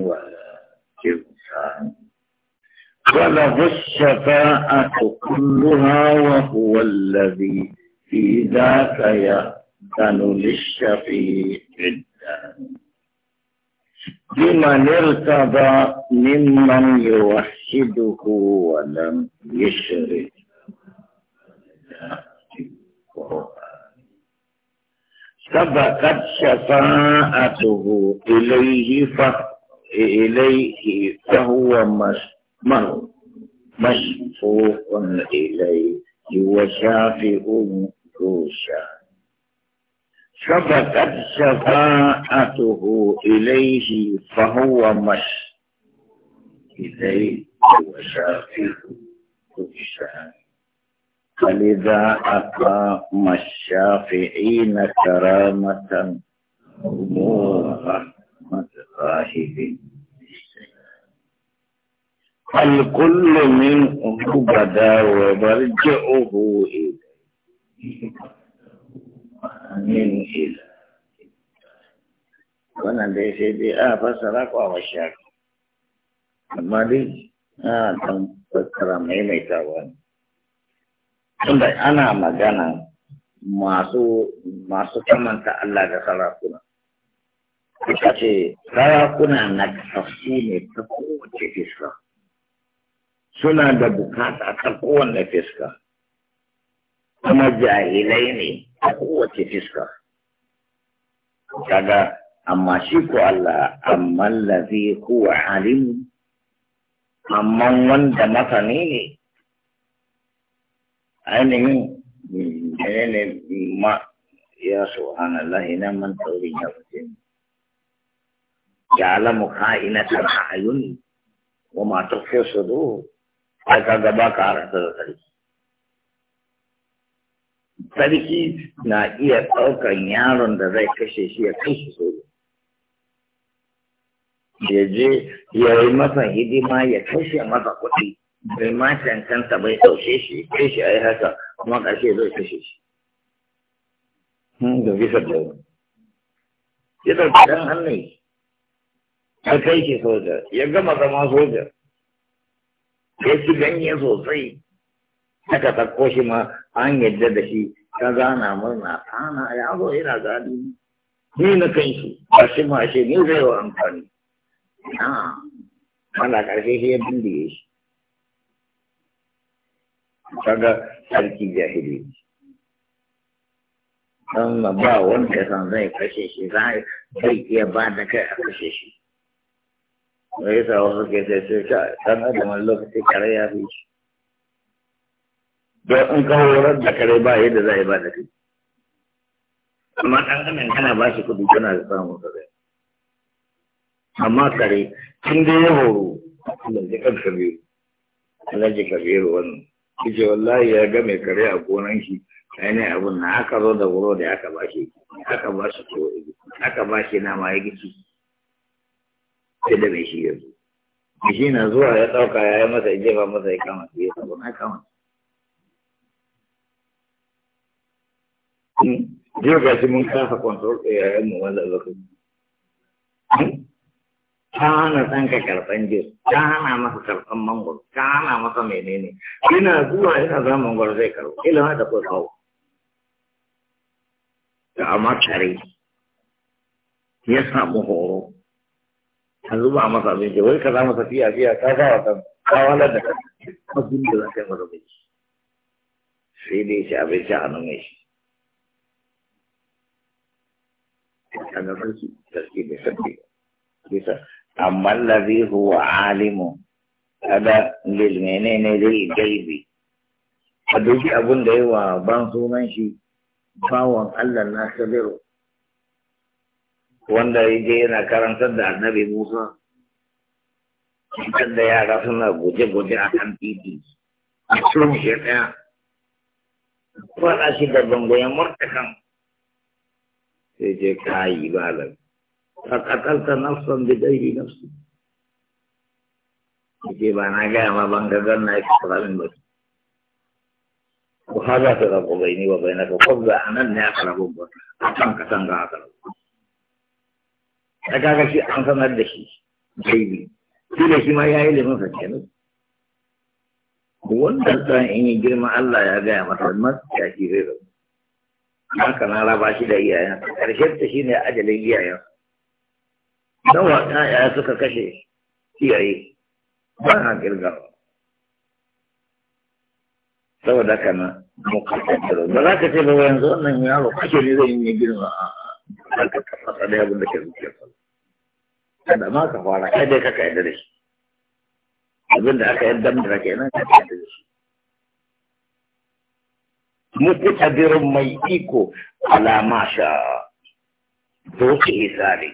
والإنسان وله الشفاعة كلها وهو الذي في ذاك يأذن للشفيع لمن ارتضى ممن يوحده ولم يشرك سبقت شفاعته إليه فقط إليه فهو مشمر مشفوق إليه وشافئ روشا سبقت شفاعته إليه فهو مش إليه وشافئ روشا فلذا أتى الشافعين كرامة أمورا صاحب فالكل منهم بدا ومرجعه إليه من إله wannan da ya sai dai a fassara kwa wa shafi amma dai a dan fassara ana magana masu masu kamanta Allah da sarakuna suka ce sarakuna na kasashe ne ta kowace fiska suna da bukata ta kowane fiska kuma jahilai ne ta kowace fiska kaga amma shi ko Allah amma lafi kuwa alimu amma wanda masani ne ainihin ne ne ma ya su. subhanallah ina man taurin ya mutum ya'lamu kha'inatal a'yun wa ma tukhfi sudur aka gaba ka haranta da sarki sarki na iya ɗaukar yaron da zai kashe shi ya kai shi soja ya je ya yi masa hidima ya kashe masa kuɗi bai ma cancanta bai ɗauke shi kai shi a yi haka kuma ƙarshe zai kashe shi da bisa da wani. Kitan kitan Allah ta kai shi soja ya gama zama soja ya ci ganye sosai aka tako shi ma an yadda da shi ta zana murna ana ya zo yana gani ni na kan shi ba shi ma shi ni zai wa amfani a wanda karshe shi ya bindiye shi kaga sarki jahili amma ba wanda san zai kashe shi zai iya ba da kai a kashe shi me sa wasu ke sai sai ka dan adam lokaci kare ya fi shi don in ka horar da kare ba yadda za a yi ba da kai amma dan adam kana ba shi kuɗi kana da samun kare amma kare tun da ya horo Allah ya kan kabiru Allah ya kabiru wannan kace wallahi ya ga mai kare a gonan shi ainihin abun na aka zo da wuro da aka ba shi aka ba shi aka ba shi nama ya gici sai da mai shi yanzu shi na zuwa ya ɗauka ya yi masa jefa masa ya kama su ya sabon ya kama Jiya hmm? ga shi mun kafa kwantar da yayan mu wanda lokaci. Hmm? Ta hana ɗanka karɓan jir, ta hana masa karɓan mangwaro, ta hana masa menene. Ina zuwa ina za mangwaro zai karɓo, ila da kuwa kawo. Da amma tare, ya samu horo. an zuba masa abinci wai ka za masa fiya fiya ka sa wata kawala da abin da za ka yi masa mai sai dai shi abinci a nan mai shi a nan sarki sarki da sarki bisa amma lazi huwa alimu kada lil menene zai gaibi a duki abin da yawa ban sunan shi bawan Allah na sabiru wanda je yana karantar da annabi Musa cutar da yara suna guje-guje a kan titi a cikin shi ɗaya faɗa shi da bangoyen murtakan sai je ka yi balar ka kakalta nafsan da ɗari nafsu ce ba na gaya ma ban gagar na yake kalamin ba ku haza ta zaɓo bai ni ba bai na ka kwabza a nan ne a kalabon ba a kan ka san ga a kalabon da kaga shi an sanar da shi daidai shi da shi ma ya yi limin sake ne wannan ɗan in yi girma Allah ya gaya masa ya shi zai rabu haka na raba shi da iyayen ƙarshen ta shi ne ajalin iyayen nawa ya suka kashe iyaye ba na girgawa saboda haka na mukaddara ba za ka ce ba yanzu wannan yaro kashe ne zai yi girma a harkar kasa da abin da ke zuciya kada ma ka fara kai dai kaka yadda da shi abin da aka yadda da kenan kaka yadda da shi mukutabirin mai iko alama sha doki hisari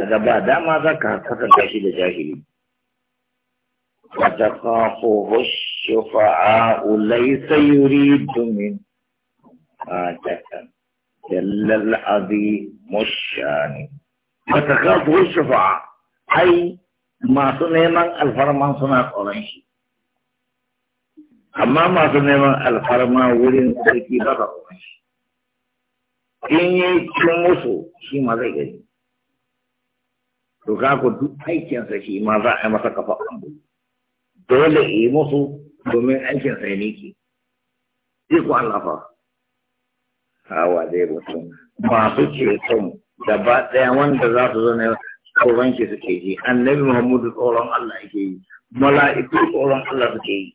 daga ba dama za ka kasanta shi da jahili فتخافه الشفعاء ليس يريد من حاجة جل العظيم الشان shafa'a ai masu neman alfarma suna tsoron shi amma masu neman alfarma wurin sarki ba tsoron shi in yi cin musu shi ma zai gani to ka ku duk aikinsa shi ma za a yi masa kafa ambu dole yi musu domin aikinsa ya nike sai ku Allah fa hawa dai mutum masu ceton gaba ɗaya wanda za su zana tsoron ki suke yi. annabi muhammadu tsoron Allah yake yi mala'iku tsoron Allah suke yi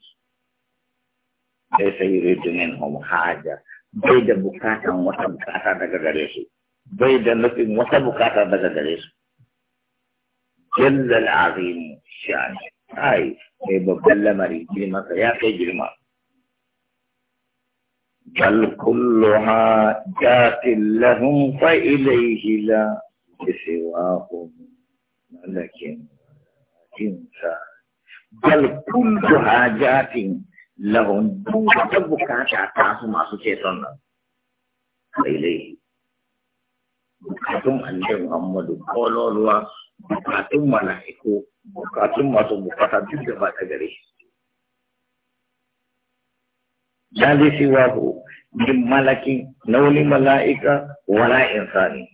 sai sai ridumin hom haja bai da bukatan wata bukata daga gare su bai da nufin wata bukata daga gare su jallal azim shani ai mai babban lamari girma ya kai girma بل كلها جات لهم فإليه لا سواهم ملك إنسان بل كلها جات لهم دوت بكاتا تاسو ما سوچيتون فإليه bukatun من ملك لو لملائكة ولا إنسان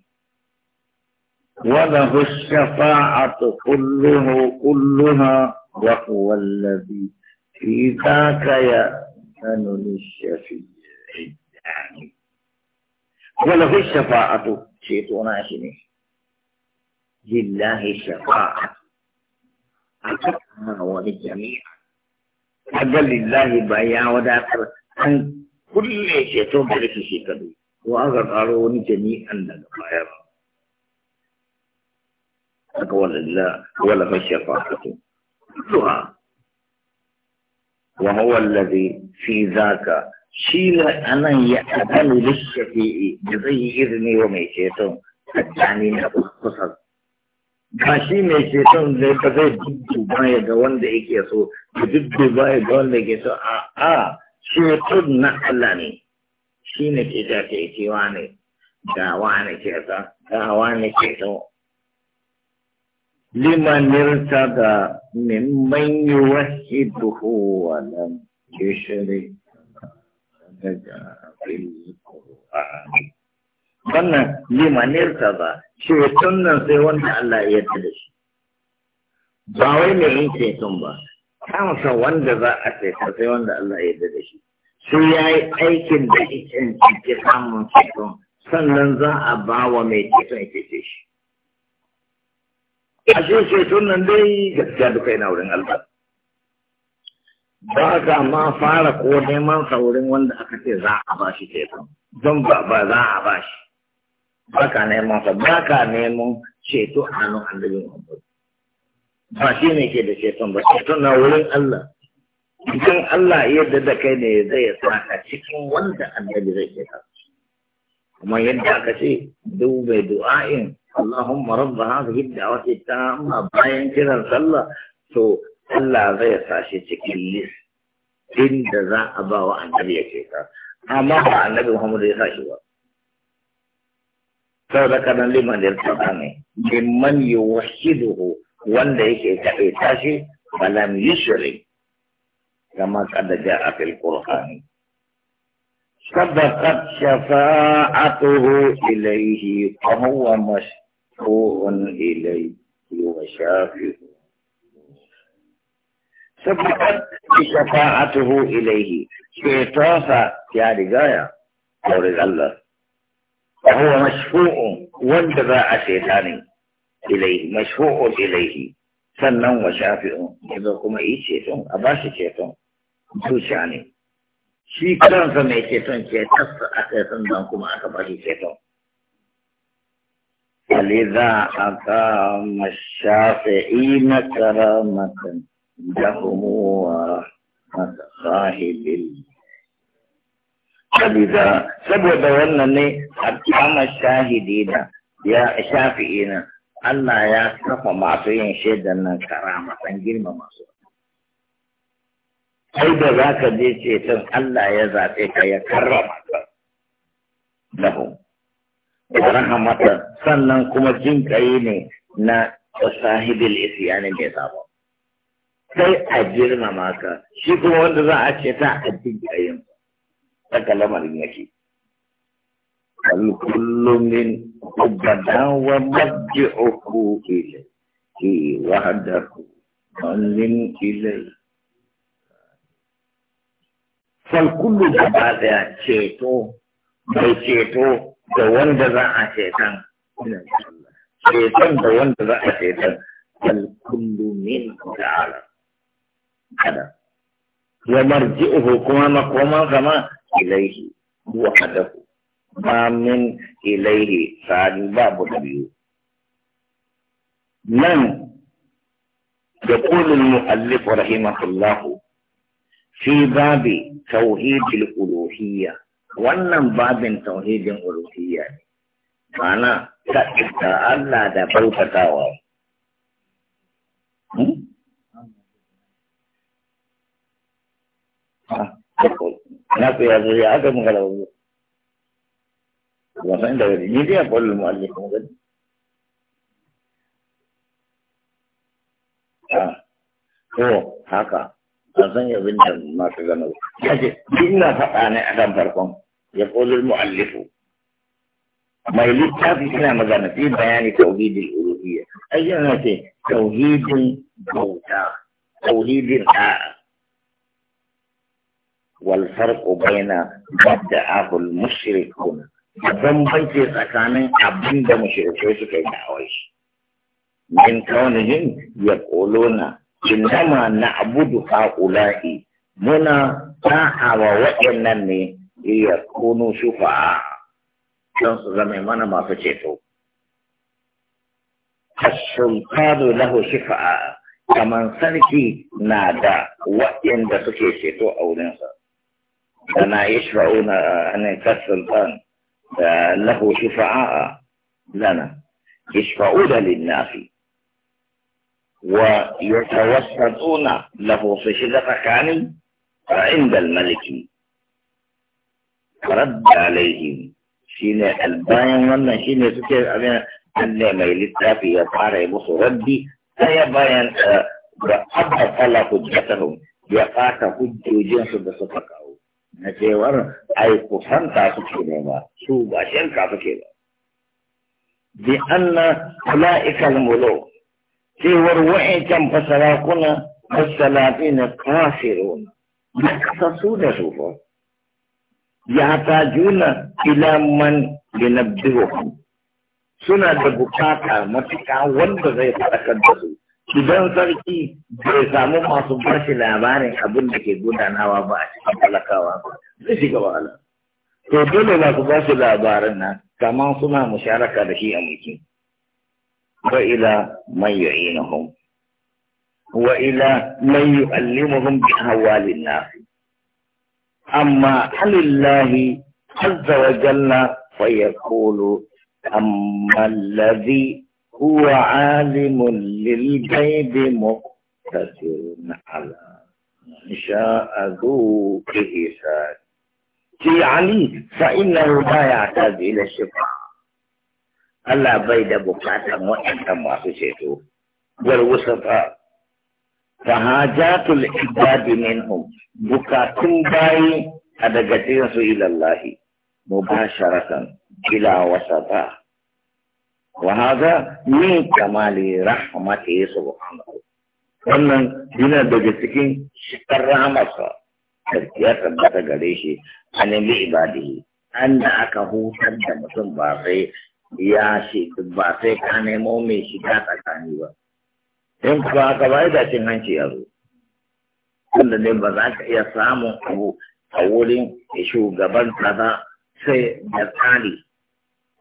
وله الشفاعة كله كلها وهو الذي في ذاك يأذن للشفيع الداني وله الشفاعة شيطان عشني لله الشفاعة أتقنا وللجميع أجل لله بيا وداخل أن kulle ba da shi shekaru ko ga karo wani jami'an daga baya ba aka la wala mashafa'atu kulluha wa huwa alladhi fi zaka shi la anan ya adalu lishafi'i da zai yi izini wa mai ceto tsakani na kusa ba shi mai ceton zai ka zai dudduba ya ga wanda yake so ya dudduba ya ga wanda yake so a'a ceton na Allah ne shi ne ke ja ke cewa ne ga ne ke ta ga ne ke to Limanin nirta da mimman yi wasu duhu wa nan ke shiri daga wannan limanin nirta ba ceton nan sai wanda Allah ya yarda da shi ba wai mai yin ceton ba kansa wanda za a saita sai wanda Allah ya da shi sai ya yi aikin da ikin cike samun ceton sannan za a ba wa mai ceton ya ce shi a shi ceton nan dai gaskiya duka yana wurin Allah ba ka ma fara ko neman saurin wanda aka ce za a ba shi ceton don ba ba za a ba shi ba ka neman sa ba ka neman ceto a nan annabi Muhammad ba shi ne ke da ceton ba ceton na wurin Allah idan Allah yadda da kai ne zai ya ka cikin wanda annabi zai ta. kuma yadda aka ce duk mai du'a'in Allahumma rabba hadhihi ad tamma bayan kiran sallah to Allah zai sa shi cikin list Inda za a ba wa annabi ya ceta amma ba annabi Muhammad ya sa shi ba da kanan liman da ya ne liman yuwahhiduhu wanda yake kaɗe tashi falam yushrik kama kada ja'a fil qur'ani سبقت شفاعته إليه فهو مشفوع إليه وشافع سبقت شفاعته إليه شيطافة يا رجايا قول الله وهو مشفوع وانتبع الشيطاني إليه مشفوع إليه سنا وشافع يبقوا ما يشيتون إيه أبا شيتون شو شاني شيكان فما يشيتون إيه أكثر من كم أكبر شيتون فلذا أتى الشافعين كرامة لهم ورحمة صاحب فلذا سبب ولنا أتى الشاهدين يا شافعين Allah ya kafa masu yin shaidan nan karama san girma masu. Sai da za ka je ceton Allah ya zaɓe ka ya karrama ka. Lahu. Rahamatan sannan kuma jin ne na sahibil isyani mai sabon. Sai a girma maka, shi kuma wanda za a ce ta a jin ƙayin. ta lamarin yake. فالكل من بدنا ومرجعه إليه وحده من إليه فالكل جبادة شيطو mai ceto da wanda za a ceton ceton da wanda za a ceton alkullu min ta'ala kada wa marji'uhu kuma makoman sama ilaihi wa hadahu ما من إليه فعن باب النبي من يقول المؤلف رحمه الله في باب توحيد الألوهية وأن باب توحيد الألوهية معنى تأكد الله ذا فوق ها يقول في هذا ادم قالوا وصلنا ده دي يقول المؤلف مجد ها هو هكا أظن يبين ما تجنوا يعني إلا فأنا أدم فرقم يقول المؤلف ما يليق في هنا مجانا في بيان توحيد الألوهية أي نتي توحيد البوتا توحيد الآ والفرق بين بدعه المشركون da bambanci tsakanin abin da mushrikai suka yi da'awar shi min kaunihim na innama na'budu ha'ula'i muna wa waɗannan ne iya kunu shufa'a don su zama mana masu ceto as-sultanu lahu shufa'a kaman sarki na da waɗanda suke ceto a wurinsa dana yashfa'una an kasultan له شفعاء لنا يشفعون للناس ويتوسطون له سجدة كان عند الملك رد عليهم شين الباين وانا شين سكر أبين أني ما يلتافي يطاري بص ربي أي آه، باين وأبطل حجتهم يقاك حجوجين سبسطك na cewar ai kusanta suke nema su ba shirka suke ba bi anna ula'ikal mulo cewar wa'ancan fasarakuna masalafi na kafirun na kasa su da su fa ya ta juna ila man biro. suna da bukata matuka wanda zai faɗakar da su idan sarki bai samu masu bashi labarin abin da ke gudanawa ba a cikin talakawa zai shiga wahala to dole ba su bashi labarin nan kamar suna musharaka da shi a mulki wa ila man yu'inuhum wa ila man yu'allimuhum bi hawalin nas amma alillahi azza wa jalla fa yaqulu amma alladhi هو عالم للغيب مقتدر على من شاء ذو إحسان في علي فإنه لا يحتاج إلى الشفاعة ألا بيد بكاتا وإنت ما تشيته والوسطاء فهاجات العباد منهم بكاتم باي أدقتين إلى الله مباشرة إلى وسطاء wahaza من كمال رحمته سبحانه wannan yana daga cikin shikar rahamarsa ya tabbata gare shi a nemi ibadihi an da aka hutar da mutum ba sai ya shi ba sai ka nemo mai shiga tsakani ba in kuma aka ba da cin hanci ya zo wanda ne ba za ka iya samun abu a wurin shugaban kaza sai da tsari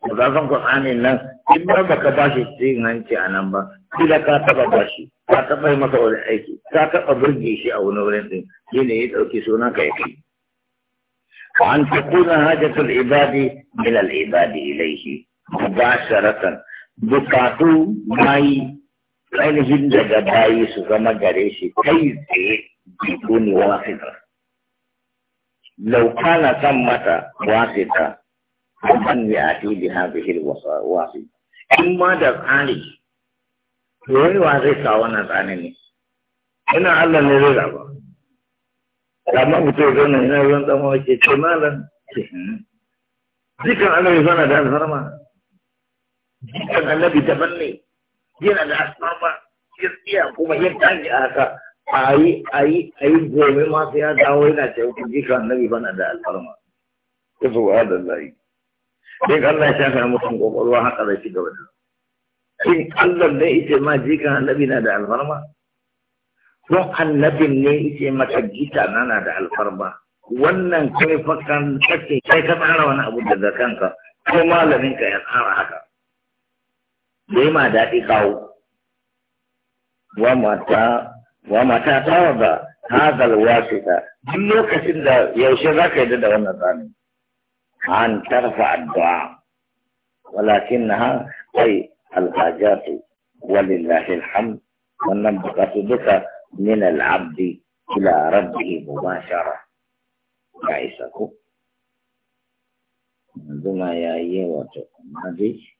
da za san kwasanin nan in ba baka ba shi cikin hanci a nan ba kila ka taba ba shi ka taba masa wani aiki ka taba burge shi a wani wurin din shi ne ya ɗauki sunan ka yi kai an takuna hajatul ibadi min al ibadi ilaihi mubasharatan bukatu bayi ainihin daga bayi su zama gare shi kai tsaye kuni wasita lau kana san mata wasita man ya'ti bi hadhihi al-wasawasi in ma da tsani. to wai wa zai kawo wannan tsarin ne ina Allah ne zai zaba amma mutum zai nan ina zan dan wake ce malam zikan hmm. annabi zana da alfarma zikan annabi daban ne yana da asfama gaskiya kuma yin tashi a haka a yi a yi a yi gobe ma sai ya dawo yana ce zikan annabi bana da alfarma ta zuwa da layi sai Allah ya shafa mutum kokolwa haka zai ci gaba da shin Allah ne yace ma jikan annabi na da alfarma ko annabin ne yace mata gita na na da alfarma wannan kai fakan take kai ka tsara wani abu daga kanka ko malamin ka ya tsara haka sai ma daɗi kawo wa mata wa mata tawaba wa ba wasita duk lokacin da yaushe za ka yi da wannan tsarin أن ترفع الدعاء ولكنها أي الحاجات ولله الحمد والنبقة بك من العبد إلى ربه مباشرة يعيشك عندما يأيه أيوة، وتقوم هذه